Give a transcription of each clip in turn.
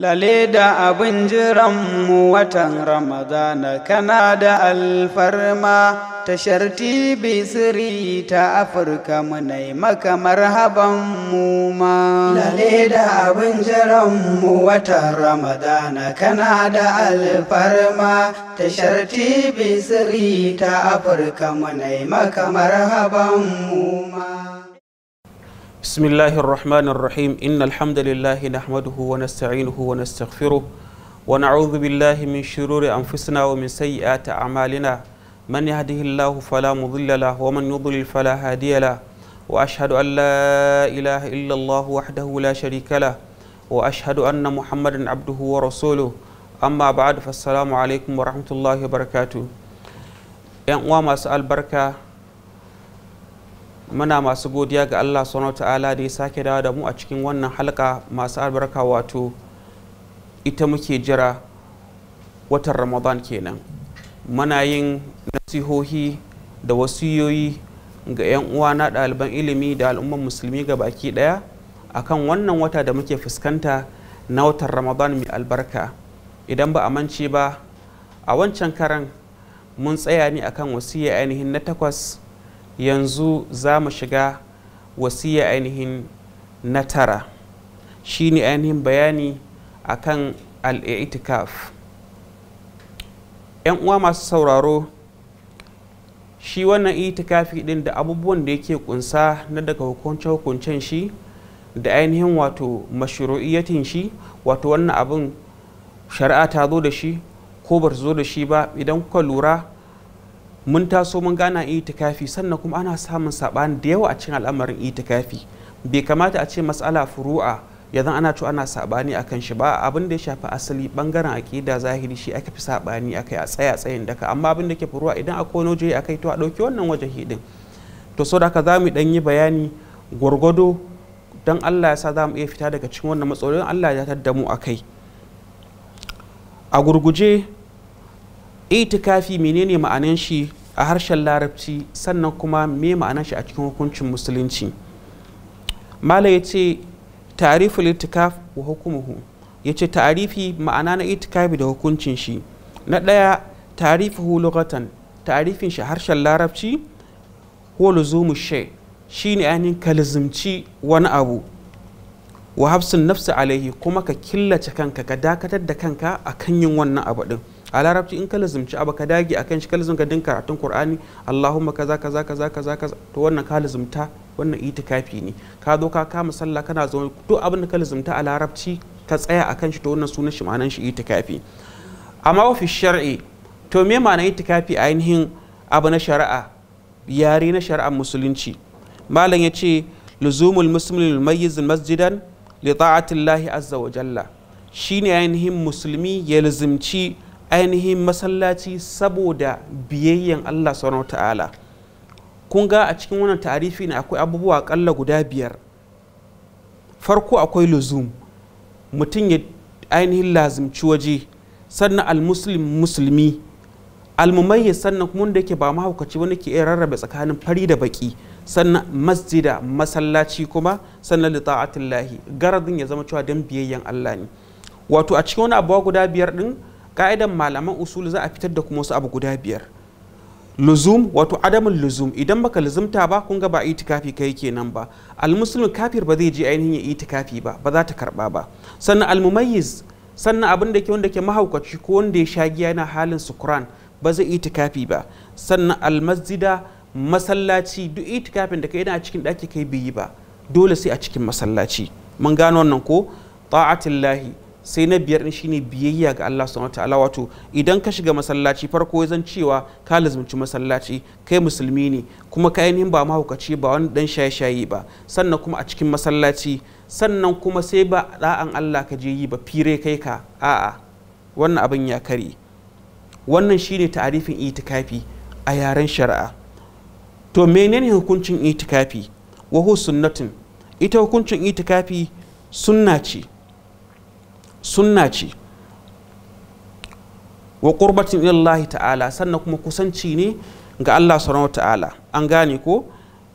Lale da abin mu watan Ramadana kana da alfarma tashar sharti siri ta Afirka munai maka marhaban mu ma. Lale da abin mu watan Ramadana kana da alfarma tashar sharti siri ta Afirka munai maka marhaban mu ma. بسم الله الرحمن الرحيم إن الحمد لله نحمده ونستعينه ونستغفره ونعوذ بالله من شرور أنفسنا ومن سيئات أعمالنا من يهده الله فلا مضل له ومن يضلل فلا هادي له وأشهد أن لا إله إلا الله وحده لا شريك له وأشهد أن محمدا عبده ورسوله amma ba'adu fassalamu alaikum wa rahmatullahi wa barakatu yan uwa masu albarka muna masu godiya ga Allah subhanahu ta'ala da ya sake dawo da mu a cikin wannan halka masu albarka wato ita muke jira watan Ramadan kenan muna yin nasihohi da wasiyoyi ga 'yan uwa na ɗaliban ilimi da al'umman musulmi ga baki ɗaya akan wannan wata da muke fuskanta na watan Ramadan mai albarka idan ba a mance ba a wancan karan mun tsaya ne akan wasiya ainihin na takwas yanzu za mu shiga wasiya ainihin na tara shi ne ainihin bayani a kan al'i'itikaf uwa masu sauraro shi wannan itikafi din da abubuwan da yake kunsa na daga hukunce-hukuncen shi da ainihin wato mashuru'iyyatin shi wato wannan abin shari'a ta zo da shi ko ba zo da shi ba idan kuka lura mun taso mun gana itikafi sannan kuma ana samun saɓani da yawa a cikin al'amarin itikafi bai kamata a ce matsala furu'a yanzu ana cewa ana saɓani a kan shi ba abin da ya shafi asali bangaren aƙida zahiri shi aka fi saɓani a kai a tsaya tsayin daka amma abin da ke furu'a idan a kono je kai to a ɗauki wannan waje hidin to so da za mu ɗan yi bayani gwargwado don Allah ya sa za mu iya fita daga cikin wannan matsalolin Allah ya tadda da a kai a gurguje itikafi menene ma'anin shi a harshen larabci sannan kuma me ma'ana shi a cikin hukuncin musulunci malam ya ce tarifin itikaf wa hukumuhu ya ce tarifi ma'ana na itikafi da hukuncin shi na ɗaya tarifi lugatan tarifin shi harshen larabci ko luzumu shi ne ainihin kalzumci wani abu wa hafsun nafsu alaihi kuma ka killace kanka ka dakatar da kanka a kan yin wannan abu din a larabci in ka lazumci abu ka dage akan shi ka lazumta din karatun qur'ani allahumma kaza kaza kaza kaza kaza to wannan ka lazumta wannan itikafi ne ka zo ka kama sallah kana zo duk abin da ka lazumta a larabci ka tsaya akan shi to wannan sunan shi ma'anan shi itikafi amma wa fi shar'i to me ma'anar itikafi ainihin abu na shari'a yare na shari'ar musulunci malam ya ce luzumul muslimul mayyizin masjidan li ta'atillahi azza wa jalla shine ainihin musulmi ya lazumci ainihin masallaci saboda biyayyen Allah sauran ta'ala kun ga a cikin wannan tarifi ne akwai abubuwa kalla guda biyar farko akwai luzum mutum ya ainihin lazimci waje sannan almuslim musulmi almumayya sannan kuma wanda yake ba mahaukaci wanda ke iya rarrabe tsakanin fari da baki sannan masjida masallaci kuma sannan li ta'atillahi garadin ya zama cewa dan biyayyen Allah ne wato a cikin wani abuwa guda biyar din ka'idan malaman usul za a fitar da kuma wasu abu guda biyar luzum wato adamin luzum idan baka luzumta ba kun ga ba itikafi kai kenan ba almuslim kafir ba zai je ainihin ya itikafi ba ba za ta karba ba sannan almumayyiz sannan abin da ke wanda ke mahaukaci ko wanda ya sha giya yana halin sukuran ba zai itikafi ba sannan almasjida masallaci duk itikafin da kai yana cikin ɗaki kai bai yi ba dole sai a cikin masallaci mun gano wannan ko ta'atillahi sai na biyar din shine biyayya ga Allah subhanahu wataala wato idan ka shiga masallaci farko ya zan cewa ka lazumci masallaci kai musulmi ne kuma ka yi ba mahaukaci ba wani dan shaye-shaye ba sannan kuma a cikin masallaci sannan kuma sai ba da'an Allah ka je yi ba fire kai ka a'a wannan abin ya kare wannan shine ta'arifin itikafi a yaren shari'a to menene hukuncin itikafi wa sunnatin ita hukuncin itikafi sunna ce sunna ce wa qurbatin ilallahi ta'ala sannan kuma kusanci ne ga Allah subhanahu ta'ala an gane ko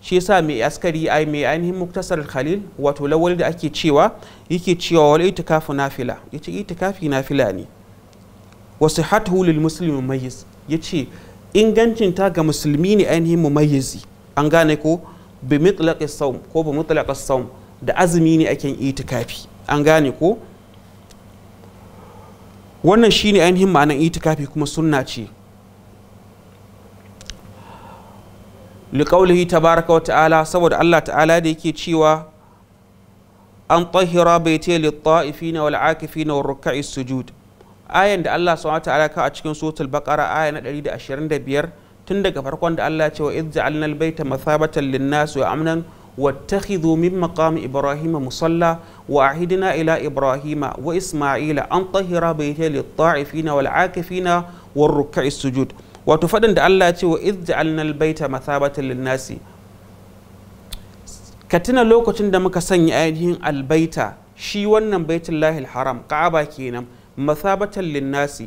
shi yasa mai askari ai mai ainihin muktasar khalil wato lawali da ake cewa yake cewa wal itikafu nafila yace itikafi nafila ne wa sihhatuhu lil muslimi mumayyiz yace ingancin ta ga musulmi ne ainihin mumayyizi an gane ko bi mutlaqis sawm ko bi mutlaqis sawm da azumi ne ake itikafi an gane ko wannan shine ainihin ma'anar itikafi kuma sunna ce liƙaulihi baraka wa ta'ala saboda Allah ta'ala da yake cewa an tahira baiti lit-ta'ifina wal-akifina war-ruk'i sujud ayan da Allah subhanahu ta'ala ka a cikin ɗari da aya na 125 tun daga farkon da Allah ya ce wa idh ja'alna baita mathabatan lin-nas wa amnan واتخذوا من مقام إبراهيم مصلى وأعهدنا إلى إبراهيم وإسماعيل أن طهر بيتي للطائفين والعاكفين والركع السجود وتفدن دا الله تي وإذ جعلنا البيت مثابة للناس كتنا لوكو تند مكا سني أيديهم البيت شي ونن بيت الله الحرام كعبا كينم مثابة للناس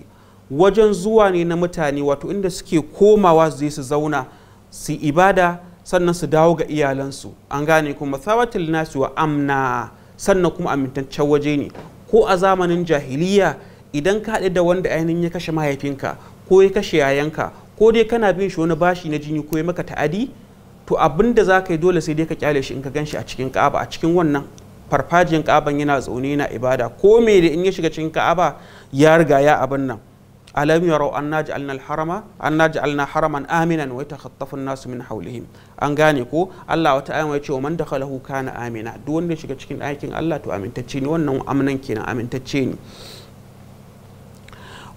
wajen zuwa ne na mutane wato inda suke komawa su je su zauna su ibada sannan su dawo ga iyalansu an gane kuma thawatil nasi wa amna sannan kuma amintaccen waje ne ko a zamanin jahiliya idan ka haɗu da wanda ainihin ya kashe mahaifinka ko ya kashe yayanka ko dai kana bin shi wani bashi na jini ko ya maka ta'adi to abin da za ka yi dole sai dai ka kyale shi in ka ganshi a cikin ka'aba a cikin wannan farfajiyan ka'aban yana zaune yana ibada ko me da in ya shiga cikin ka'aba ya riga ya abin nan alam an anna ja'alna al-harama anna ja'alna haraman aminan wa yatakhattafu an-nasu min hawlihim an gane ko Allah wata ayan ya ce wa man dakhalahu kana amina duk wanda shiga cikin aikin Allah to amintacce ne wannan amnan kenan amintacce ne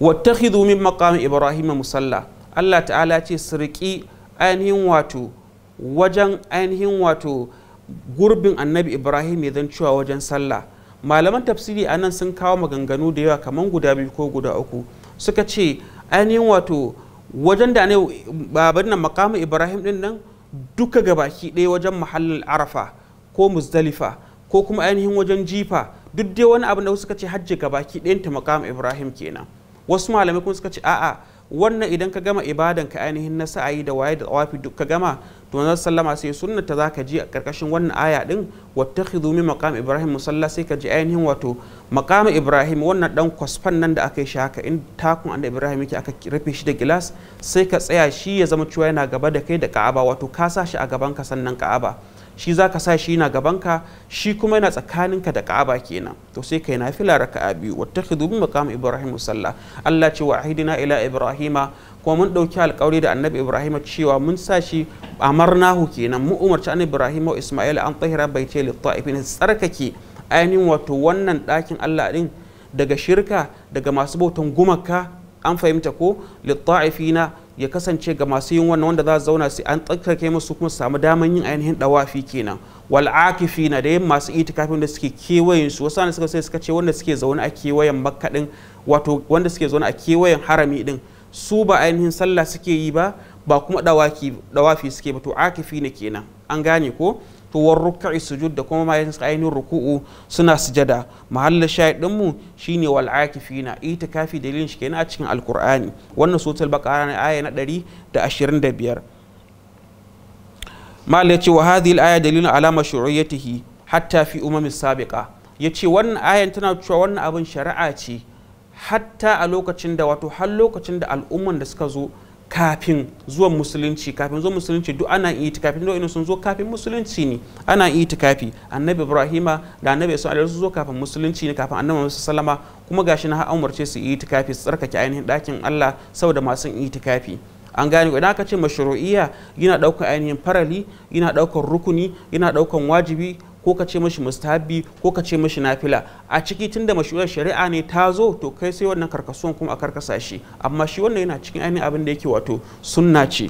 wattakhidhu min maqami ibrahim musalla Allah ta'ala ce su riƙi ainihin wato wajen ainihin wato gurbin annabi ibrahim ya zan cewa wajen sallah malaman tafsiri a nan sun kawo maganganu da yawa kaman guda biyu ko guda uku suka ce ainihin wato wajen da ne babar nan makamu ibrahim din nan duka gabaki ɗaya wajen mahallin arafa ko muzdalifa ko kuma ainihin wajen jifa duk dai wani abin da suka ce hajji gabaki ɗayan ta makamu ibrahim kenan wasu malamai kuma suka ce a'a wannan idan ka gama ibadan ka ainihin na sa'ayi da waye da tsawafi duk ka gama to manzo sallama sai sunna ta zaka ji a karkashin wannan aya din wattakhidhu min maqam ibrahim musalla sai ka ji ainihin wato maqam ibrahim wannan dan kwasfan nan da aka yi shi haka in takun annabi ibrahim yake aka rufe shi da gilas sai ka tsaya shi ya zama cewa yana gaba da kai da ka'aba wato ka sa shi a gaban ka sannan ka'aba shi za ka sa shi na gabanka shi kuma yana tsakaninka da ka'aba kenan to sai kai nafila raka'a biyu wattakhidhu min makam ibrahim musalla Allah ce wa ahidina ila ibrahima kuma mun dauki alkawari da annabi ibrahim cewa mun sa shi amarnahu kenan mu umarci annabi ibrahim wa isma'il an tahira baiti lit ta'ifin tsarkake ainihin wato wannan dakin Allah din daga shirka daga masu bautan gumaka an fahimta ko ta'ifina ya kasance ga masu yin wannan wanda za su zauna sai an tsakake musu kuma su samu damar yin ainihin dawafi kenan wal akifina da yin masu itikafin da suke kewayen su wasu ne suka sai suka ce wanda suke zaune a kewayen makka din wato wanda suke zaune a kewayen harami din su ba ainihin sallah suke yi ba ba kuma dawaki dawafi suke ba to akifi ne kenan an gane ko to war ruk'i sujud da kuma mayan ainihin ruku'u suna sujada mahallin shahidin mu shine wal akifina kafi dalilin shi kenan a cikin alqur'ani wannan suratul baqara ne aya na 125 mal yace wa hadhihi al-aya dalilun ala mashru'iyyatihi hatta fi umamis sabiqa yace wannan ayan tana cewa wannan abin shari'a ce hatta a lokacin da wato har lokacin da al'umman da suka zo kafin zuwan musulunci kafin zuwan musulunci duk ana itikafi duk ina sun zo kafin musulunci ne ana itikafi annabi ibrahima da annabi sun alaihi zo kafin musulunci ne kafin annabi musa sallama kuma gashi na an umarce su itikafi su tsarkake ainihin dakin Allah saboda masu itikafi an gane idan aka ce mashru'iyya yana daukar ainihin farali yana daukar rukuni yana daukar wajibi ko ka ce mashi mustahabi ko ka ce mashi nafila a ciki tunda mashuyar shari'a ne ta zo to kai sai wannan karkasuwan kuma a karkasa shi amma shi wannan yana cikin ainihin abin da yake wato sunna ce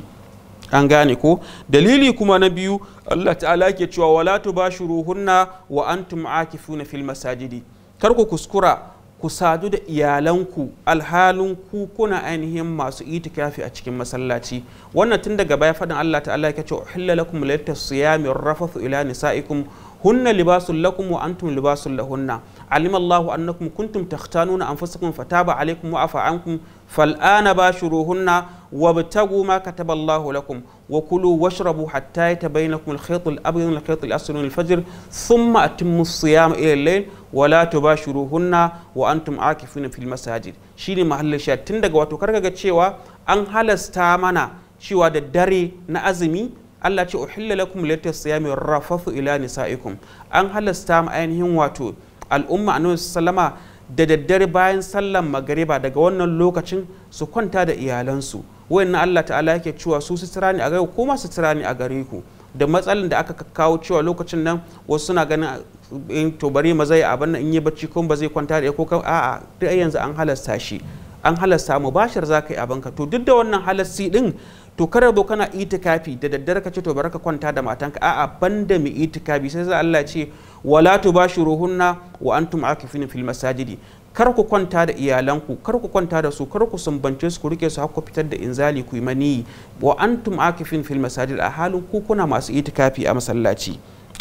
an gane ko dalili kuma na biyu Allah ta'ala ke cewa wala tubashiruhunna wa antum akifuna fil masajidi kar ku kuskura ku sadu da iyalanku alhalin ku kuna ainihin masu itikafi a cikin masallaci wannan tun daga baya faɗin Allah ta'ala ya ce uhilla lakum laylatus siyami rafathu ila nisaikum hunna libasul lakum wa antum libasul lahunna alima Allahu annakum kuntum takhtanuna anfusakum fataba alaykum wa afa ba fal'ana bashuruhunna wabtagu ma kataba Allahu lakum wa kulu washrabu hatta yatabayyanakum al-khayt al-abyad min al-khayt al-aswad min al-fajr thumma atimmu as-siyama ila al-layl wa la tubashuruhunna wa antum akifuna fil masajid shine mahallin sha tun daga wato karkaga cewa an halasta mana cewa da dare na azumi Allah ce uhilla lakum latas siyami rafathu ila nisaikum an halasta ainihin wato al'umma annabi sallama da daddare bayan sallan magariba daga wannan lokacin su kwanta da iyalansu wayannan Allah ta'ala yake cewa su sutura ne a gare ku su sutura ne a gare ku da matsalin da aka kawo cewa lokacin nan wasu suna ganin in to bari ma zai abin in yi bacci kuma ba zai kwanta da ko a'a duk yanzu an halasta shi an halasta mu bashar za ka yi abinka to duk da wannan halasti din to kada zo kana itikafi da daddare ka ce to ka kwanta da matanka a'a banda mu itikafi sai za Allah ce wala bashuruhunna wa antum akifina fil masajidi kar ku kwanta da iyalanku kar ku kwanta da su kar ku sumbance su ku rike su har ku fitar da inzali ku yi mani wa antum akifin fil masajid a halin ku kuna masu itikafi a masallaci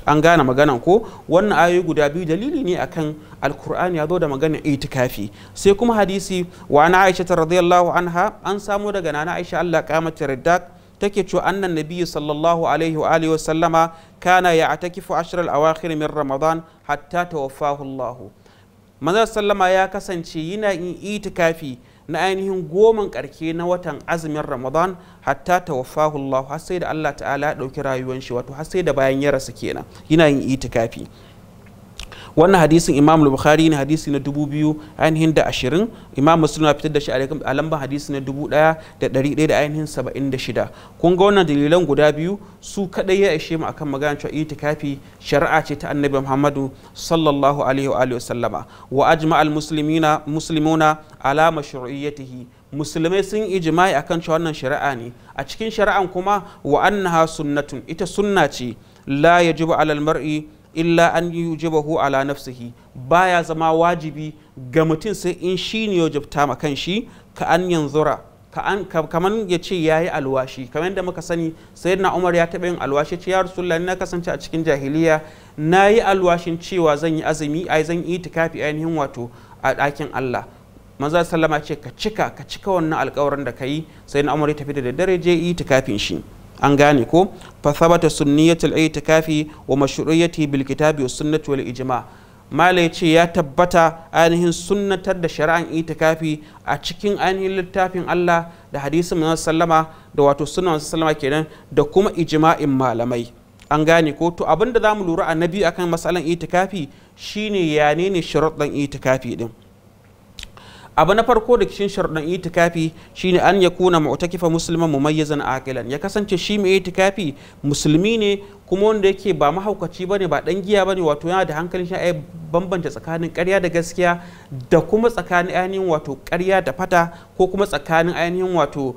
an gane maganan ko wannan ayoyi guda biyu dalili ne akan alkur'ani ya zo da maganar itikafi sai kuma hadisi wa na aisha ta radiyallahu anha an samu daga nana aisha allah kamata riddak take cewa annan nabiyyu sallallahu alaihi wa alihi kana ya atakifu ashirar awakhir min ramadan hatta tawaffahu allah manzon sallama ya kasance yana yin itikafi na ainihin goman karke na watan azumin ramadan hatta ta Allah har sai da Allah ta'ala ya ɗauki rayuwar shi wato har sai da bayan ya rasu kenan yana yin itikafi wannan hadisin imam bukhari ne hadisi na dubu biyu ainihin da ashirin imam muslim na fitar da shi a lambar hadisi na dubu ɗaya da ɗari ɗaya da ainihin saba'in da shida kun ga wannan dalilan guda biyu su kaɗai ya ishe mu akan magana cewa kafi shari'a ce ta annabi muhammadu sallallahu alaihi wa sallama wa ajma'al muslimina muslimuna ala mashru'iyyatihi musulmai sun ijimai akan cewa wannan shari'a ne a cikin shari'an kuma wa annaha sunnatun ita sunna ce la yajibu alal mar'i illa an yi yujibahu ala nafsihi baya zama wajibi ga mutum sai in shi ne wajibta ma kan shi ka an yanzura kaman ya ce ya yi alwashi kamar yadda muka sani sai umar ya taɓa yin alwashi ce ya rasulullah na kasance a cikin jahiliya na yi alwashin cewa zan yi azumi ai zan yi tikafi ainihin wato a ɗakin allah maza sallama ce ka cika ka cika wannan alkawarin da ka yi sai umar ya tafi da daddare je yi tikafin shi an gane ko fasabata sunniyatul itikafi wa mashru'iyyati bil kitabi was sunnati wal ijma' malai ce ya tabbata ainihin sunnatar da shari'an itikafi a cikin ainihin littafin Allah da hadisin manzon sallama da wato sunan sallama kenan da kuma ijma'in malamai an gane ko to abinda zamu lura annabi akan masalan itikafi shine yanene ne sharuɗan itikafi din abu na farko da kishin sharuɗan itikafi shine an ya kuna mu'takifa musulman mumayyizan aqilan ya kasance shi mai itikafi musulmi ne kuma wanda yake ba mahaukaci bane ba dan giya bane wato yana da hankalin shi ai bambanta tsakanin karya da gaskiya da kuma tsakanin ainihin wato ƙarya da fata ko kuma tsakanin ainihin wato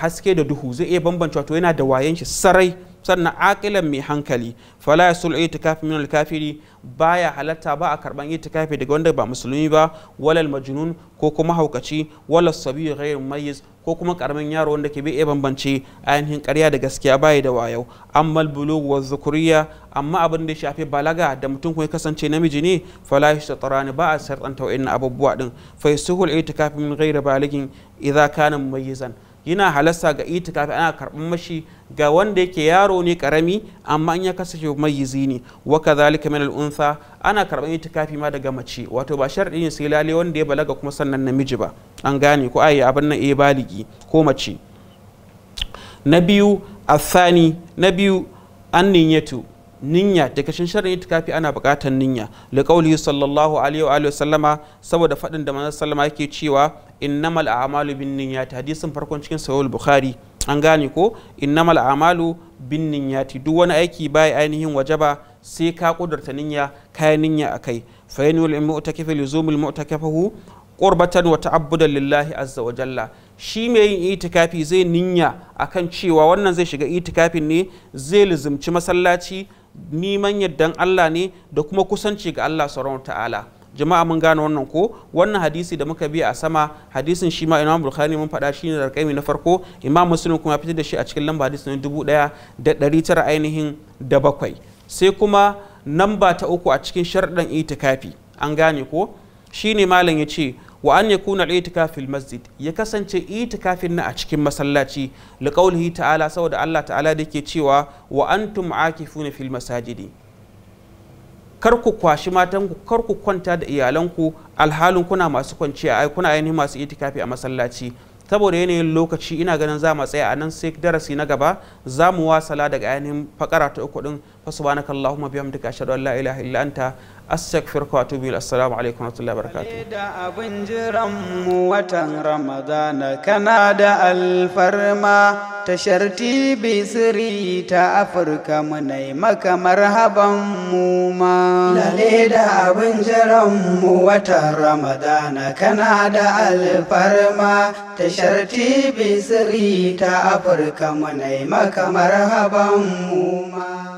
haske da duhu zai iya bambanta wato yana da wayan shi sarai sannan akilan mai hankali fala yasul itikafi min kafiri baya halatta ba a karban itikafi daga wanda ba musulmi ba walal majnun ko kuma haukaci walal sabi ghayr mayyiz ko kuma karamin yaro wanda ke bai ya bambance ainihin ƙarya da gaskiya baya da wayo amma bulug wa zukuriya amma abin da ya shafi balaga da mutum kuma kasance namiji ne fala yashtarani ba a sarɗanta wa'in abubuwa din fa yasuhul itikafi min ghayr baligin idan kana mayyizan yana halasta ga itikafi ana karɓar mashi ga wanda yake yaro ne karami amma in ya kasance yizi ne wa kadhalika min al ana karɓar itikafi ma daga mace wato ba sharɗi ne sai lale wanda ya balaga kuma sannan namiji ba an gane ko ayi abin nan eh baligi ko mace na biyu asani na biyu an niyyatu ninya kashin shin sharin itikafi ana buƙatar ninya liqaulihi sallallahu alaihi wa sallama saboda faɗin da manzon sallama yake cewa innamal a'malu niyyati hadisin farkon cikin sahih bukhari an gane ko innamal a'malu niyyati duk wani aiki bai ainihin wajaba sai ka kudurta ninya kayan ninya akai fa yanul mu'takifu luzumul mu'takafahu qurbatan wa ta'abbudan lillahi azza wa jalla shi mai yin itikafi zai ninya akan cewa wannan zai shiga itikafin ne zai lizumci masallaci niman yardan Allah ne da kuma kusanci ga Allah sauran ta'ala jama'a mun gane wannan ko wannan hadisi da muka biya a sama hadisin shi ma imam bukhari mun faɗa shi ne da na farko imam muslim kuma fitar da shi a cikin lamba hadisi na dubu ɗaya da ɗari tara ainihin da bakwai sai kuma namba ta uku a cikin sharɗan itikafi an gane ko shi ne malam ya ce wa an yakuna al masjid ya kasance itikafin na a cikin masallaci li qawlihi ta'ala saboda Allah ta'ala dake cewa wa antum aakifuna fil masajid kar ku kwashi ku kar ku kwanta da iyalanku alhalin kuna masu kwanciya ai kuna ainihin masu itikafi a masallaci saboda yanayin lokaci ina ganin za mu tsaya a nan sai darasi na gaba za mu wasala daga ainihin fakara ta uku din fa subhanakallahumma bihamdika ashhadu an la ilaha illa anta astaghfiruka wa atubu assalamu alaikum wa rahmatullahi wa barakatuh da abin jiran mu watan ramadana kana da alfarma tashar tv siri ta afirka mu nai maka marhaban mu ma lale da abin jiran mu watan ramadana kana da alfarma tashar tv siri ta afirka mu nai maka marhaban mu ma